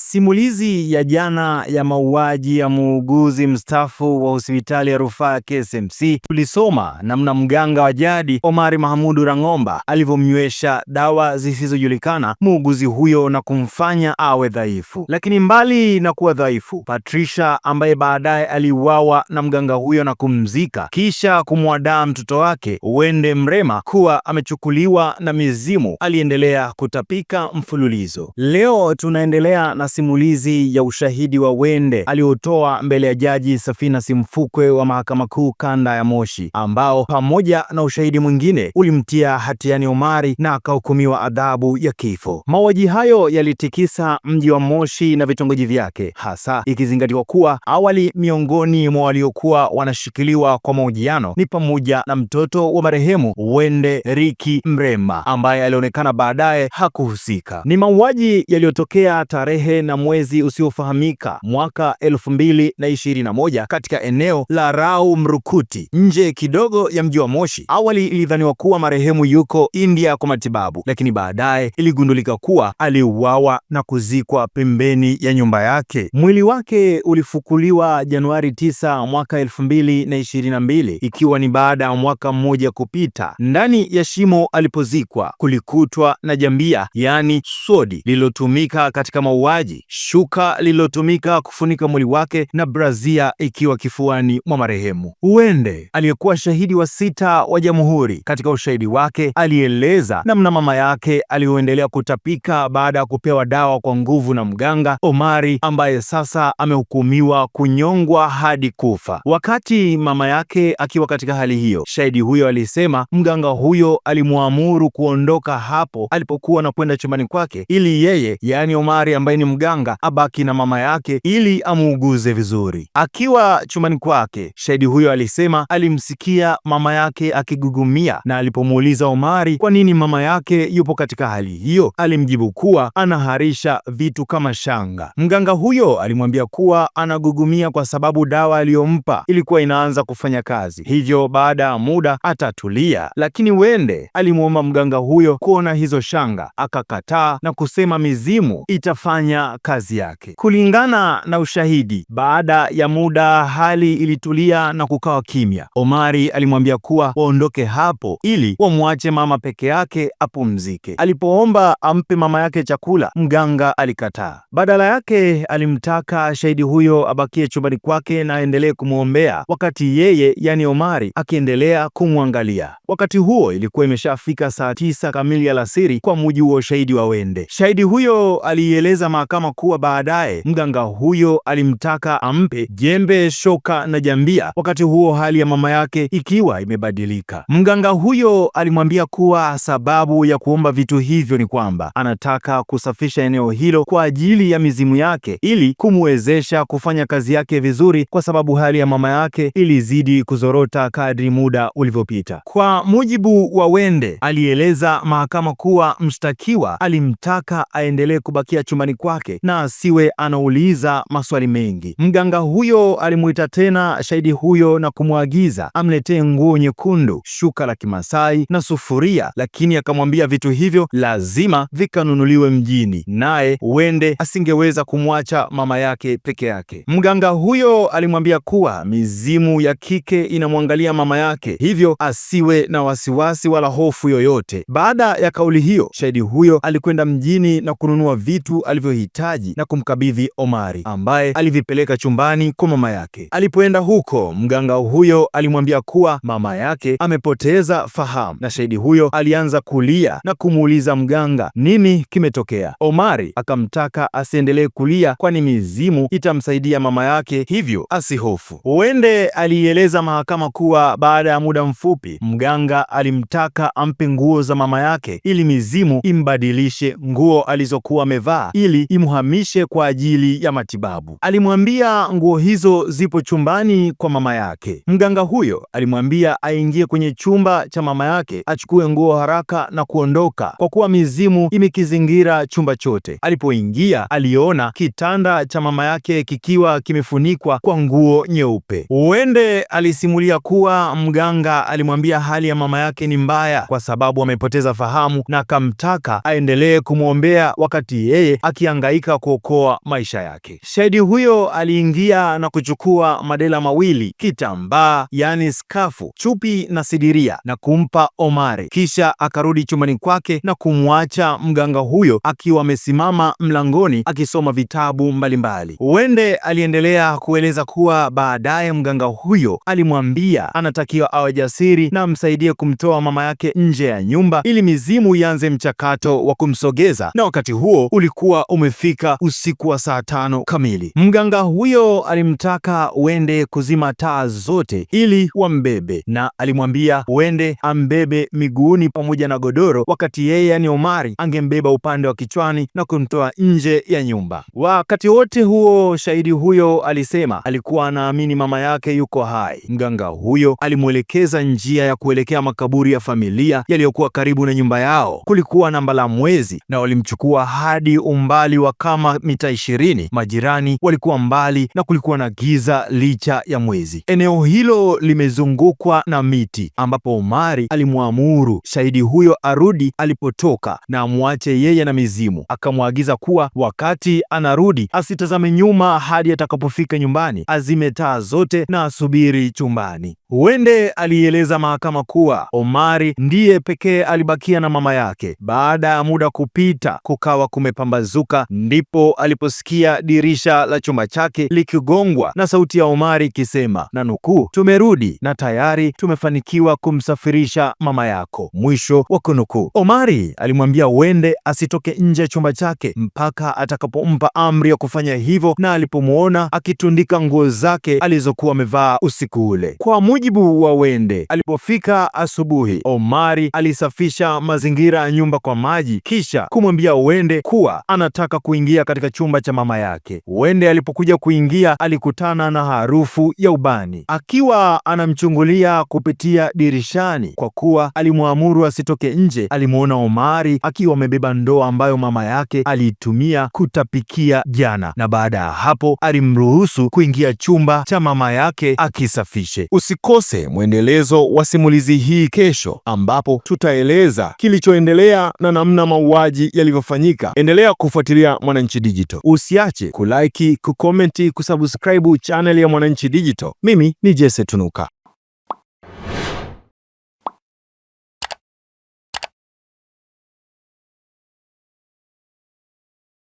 Simulizi ya jana ya mauaji ya muuguzi mstaafu wa hospitali ya rufaa ya KCMC, tulisoma namna mganga wa jadi Omari Mahamudu Rang'omba alivyomnywesha dawa zisizojulikana muuguzi huyo na kumfanya awe dhaifu. Lakini mbali na kuwa dhaifu, Patricia ambaye baadaye aliuawa na mganga huyo na kumzika kisha kumwadaa mtoto wake uende Mrema kuwa amechukuliwa na mizimu, aliendelea kutapika mfululizo. Leo tunaendelea na simulizi ya ushahidi wa Wende aliotoa mbele ya Jaji Safina Simfukwe wa Mahakama Kuu Kanda ya Moshi, ambao pamoja na ushahidi mwingine ulimtia hatiani Omari na akahukumiwa adhabu ya kifo. Mauaji hayo yalitikisa mji wa Moshi na vitongoji vyake, hasa ikizingatiwa kuwa awali miongoni mwa waliokuwa wanashikiliwa kwa mahojiano ni pamoja na mtoto wa marehemu Wende Riki Mrema ambaye alionekana baadaye hakuhusika. Ni mauaji yaliyotokea tarehe tarehe na mwezi usiofahamika mwaka 2021 katika eneo la Rau Mrukuti nje kidogo ya mji wa Moshi. Awali ilidhaniwa kuwa marehemu yuko India kwa matibabu, lakini baadaye iligundulika kuwa aliuawa na kuzikwa pembeni ya nyumba yake. Mwili wake ulifukuliwa Januari 9 mwaka 2022, ikiwa ni baada ya mwaka mmoja kupita. Ndani ya shimo alipozikwa kulikutwa na jambia, yaani sodi lililotumika katika mauaji mauaji, shuka lililotumika kufunika mwili wake na brazia ikiwa kifuani mwa marehemu. Uwende aliyekuwa shahidi wa sita wa Jamhuri, katika ushahidi wake alieleza namna mama yake aliyoendelea kutapika baada ya kupewa dawa kwa nguvu na mganga Omari, ambaye sasa amehukumiwa kunyongwa hadi kufa. Wakati mama yake akiwa katika hali hiyo, shahidi huyo alisema mganga huyo alimwamuru kuondoka hapo alipokuwa anakwenda chumbani kwake ili yeye, yaani Omari ambaye ni mganga abaki na mama yake ili amuuguze vizuri. Akiwa chumbani kwake, shahidi huyo alisema alimsikia mama yake akigugumia, na alipomuuliza Omari kwa nini mama yake yupo katika hali hiyo, alimjibu kuwa anaharisha vitu kama shanga. Mganga huyo alimwambia kuwa anagugumia kwa sababu dawa aliyompa ilikuwa inaanza kufanya kazi, hivyo baada ya muda atatulia, lakini wende alimwomba mganga huyo kuona hizo shanga, akakataa na kusema mizimu itafanya kufanya kazi yake. Kulingana na ushahidi, baada ya muda hali ilitulia na kukawa kimya. Omari alimwambia kuwa waondoke hapo ili wamwache mama peke yake apumzike. Alipoomba ampe mama yake chakula, mganga alikataa. Badala yake alimtaka shahidi huyo abakie chumbani kwake na aendelee kumwombea, wakati yeye yani Omari akiendelea kumwangalia. Wakati huo ilikuwa imeshafika saa tisa kamili alasiri, kwa mujibu wa ushahidi wa Wende. Shahidi huyo aliieleza mahakama kuwa baadaye mganga huyo alimtaka ampe jembe, shoka na jambia, wakati huo hali ya mama yake ikiwa imebadilika. Mganga huyo alimwambia kuwa sababu ya kuomba vitu hivyo ni kwamba anataka kusafisha eneo hilo kwa ajili ya mizimu yake ili kumwezesha kufanya kazi yake vizuri, kwa sababu hali ya mama yake ilizidi kuzorota kadri muda ulivyopita. Kwa mujibu wa Wende, alieleza mahakama kuwa mshtakiwa alimtaka aendelee kubakia chumbani kwake wake na asiwe anauliza maswali mengi. Mganga huyo alimuita tena shahidi huyo na kumwagiza amletee nguo nyekundu, shuka la Kimasai na sufuria, lakini akamwambia vitu hivyo lazima vikanunuliwe mjini, naye uende asingeweza kumwacha mama yake peke yake. Mganga huyo alimwambia kuwa mizimu ya kike inamwangalia mama yake, hivyo asiwe na wasiwasi wala hofu yoyote. Baada ya kauli hiyo, shahidi huyo alikwenda mjini na kununua vitu alivyohitaji mahitaji na kumkabidhi Omari ambaye alivipeleka chumbani kwa mama yake. Alipoenda huko, mganga huyo alimwambia kuwa mama yake amepoteza fahamu, na shahidi huyo alianza kulia na kumuuliza mganga nini kimetokea. Omari akamtaka asiendelee kulia, kwani mizimu itamsaidia mama yake, hivyo asihofu. Uende alieleza mahakama kuwa baada ya muda mfupi mganga alimtaka ampe nguo za mama yake ili mizimu imbadilishe nguo alizokuwa amevaa ili imhamishe kwa ajili ya matibabu. Alimwambia nguo hizo zipo chumbani kwa mama yake. Mganga huyo alimwambia aingie kwenye chumba cha mama yake, achukue nguo haraka na kuondoka, kwa kuwa mizimu imekizingira chumba chote. Alipoingia aliona kitanda cha mama yake kikiwa kimefunikwa kwa nguo nyeupe. Uende alisimulia kuwa mganga alimwambia hali ya mama yake ni mbaya kwa sababu amepoteza fahamu na akamtaka aendelee kumwombea wakati yeye akiangalia alihangaika kuokoa maisha yake. Shahidi huyo aliingia na kuchukua madela mawili, kitambaa yaani skafu, chupi na sidiria na kumpa Omari, kisha akarudi chumbani kwake na kumwacha mganga huyo akiwa amesimama mlangoni akisoma vitabu mbalimbali. wende aliendelea kueleza kuwa baadaye mganga huyo alimwambia anatakiwa awe jasiri na msaidie kumtoa mama yake nje ya nyumba ili mizimu ianze mchakato wa kumsogeza, na wakati huo ulikuwa ume umefika usiku wa saa tano kamili. Mganga huyo alimtaka uende kuzima taa zote ili wambebe, na alimwambia uende ambebe miguuni pamoja na godoro, wakati yeye yani Omari angembeba upande wa kichwani na kumtoa nje ya nyumba. Wakati wote huo shahidi huyo alisema alikuwa anaamini mama yake yuko hai. Mganga huyo alimwelekeza njia ya kuelekea makaburi ya familia yaliyokuwa karibu na nyumba yao. Kulikuwa na mbala mwezi na walimchukua hadi umbali umbali kama mita ishirini. Majirani walikuwa mbali na kulikuwa na giza licha ya mwezi. Eneo hilo limezungukwa na miti, ambapo Omari alimwamuru shahidi huyo arudi alipotoka na amwache yeye na mizimu. Akamwagiza kuwa wakati anarudi asitazame nyuma hadi atakapofika nyumbani, azime taa zote na asubiri chumbani. Huende alieleza mahakama kuwa Omari ndiye pekee alibakia na mama yake. Baada ya muda kupita, kukawa kumepambazuka ndipo aliposikia dirisha la chumba chake likigongwa na sauti ya Omari ikisema, na nukuu, tumerudi na tayari tumefanikiwa kumsafirisha mama yako, mwisho wa kunukuu. Omari alimwambia uende asitoke nje ya chumba chake mpaka atakapompa amri ya kufanya hivyo, na alipomwona akitundika nguo zake alizokuwa amevaa usiku ule. Kwa mujibu wa Wende, alipofika asubuhi, Omari alisafisha mazingira ya nyumba kwa maji, kisha kumwambia Wende kuwa anataka alitaka kuingia katika chumba cha mama yake. Wende alipokuja kuingia, alikutana na harufu ya ubani, akiwa anamchungulia kupitia dirishani kwa kuwa alimwamuru asitoke nje. Alimwona Omari akiwa amebeba ndoo ambayo mama yake aliitumia kutapikia jana, na baada ya hapo alimruhusu kuingia chumba cha mama yake akisafishe. Usikose mwendelezo wa simulizi hii kesho, ambapo tutaeleza kilichoendelea na namna mauaji yalivyofanyika. Endelea kufuatilia kupitia Mwananchi Digital. Usiache kulike, kukomenti, kusubscribe channel ya Mwananchi Digital. Mimi ni Jesse Tunuka.